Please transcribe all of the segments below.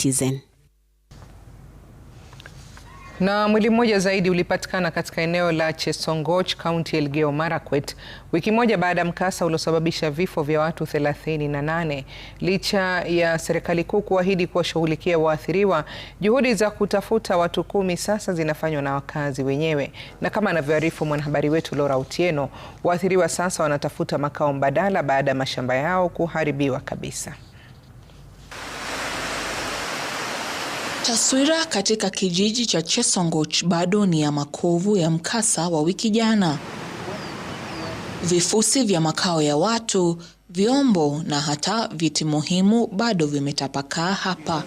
Citizen. Na mwili mmoja zaidi ulipatikana katika eneo la Chesongoch, kaunti ya Elgeyo Marakwet, wiki moja baada ya mkasa uliosababisha vifo vya watu 38. Licha ya serikali kuu kuahidi kuwashughulikia waathiriwa, juhudi za kutafuta watu kumi sasa zinafanywa na wakazi wenyewe. Na kama anavyoarifu mwanahabari wetu Laura Otieno, waathiriwa sasa wanatafuta makao mbadala baada ya mashamba yao kuharibiwa kabisa. Taswira katika kijiji cha Chesongoch bado ni ya makovu ya mkasa wa wiki jana. Vifusi vya makao ya watu, vyombo na hata viti muhimu bado vimetapakaa hapa.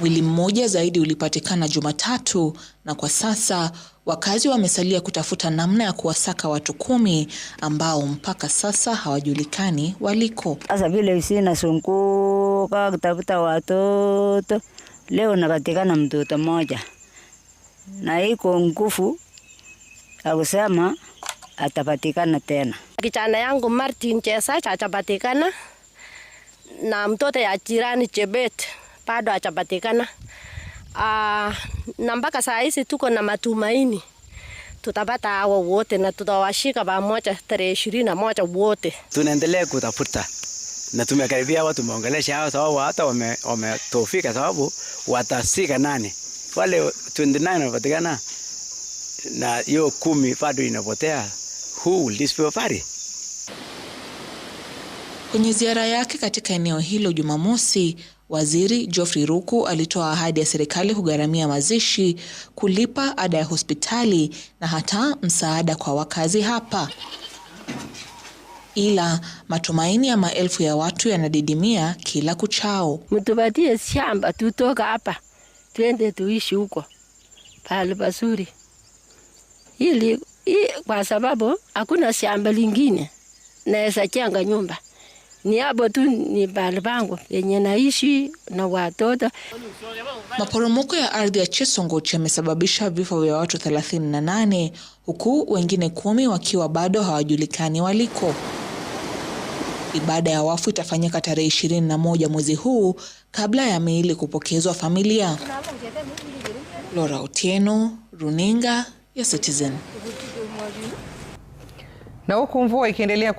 Mwili mmoja zaidi ulipatikana Jumatatu na kwa sasa wakazi wamesalia kutafuta namna ya kuwasaka watu kumi ambao mpaka sasa hawajulikani waliko. Sasa vile sina sunkuu kukaa kutafuta watoto. Leo napatikana mtoto mmoja, na iko nguvu akusema atapatikana tena. Kijana yangu Martin Chesa achapatikana na mtoto ya jirani Chebet bado achapatikana. Uh, ah, na mpaka saa hizi tuko na matumaini tutapata hao wote na tutawashika pamoja tarehe ishirini na moja wote. Tunaendelea kutafuta na tumekaribia hawa, tumeongelesha hawa, sababu hata wametofika wame sababu watasika nani wale 29 wanapatikana na hiyo kumi bado inapotea. Who will these Kwenye ziara yake katika eneo hilo Jumamosi, Waziri Geoffrey Ruku alitoa ahadi ya serikali kugharamia mazishi, kulipa ada ya hospitali na hata msaada kwa wakazi hapa ila matumaini ya maelfu ya watu yanadidimia kila kuchao. Mtupatie shamba tutoka hapa twende tuishi huko pale pazuri, ili kwa sababu hakuna shamba lingine naweza jenga nyumba ni hapo tu ni pale pangu yenye naishi na watoto. Maporomoko ya ardhi ya Chesongoch yamesababisha vifo vya watu 38 huku wengine kumi wakiwa bado hawajulikani waliko. Ibada ya wafu itafanyika tarehe ishirini na moja mwezi huu kabla ya miili kupokezwa familia. Laura Otieno, runinga ya Citizen. Na huku mvua ikiendelea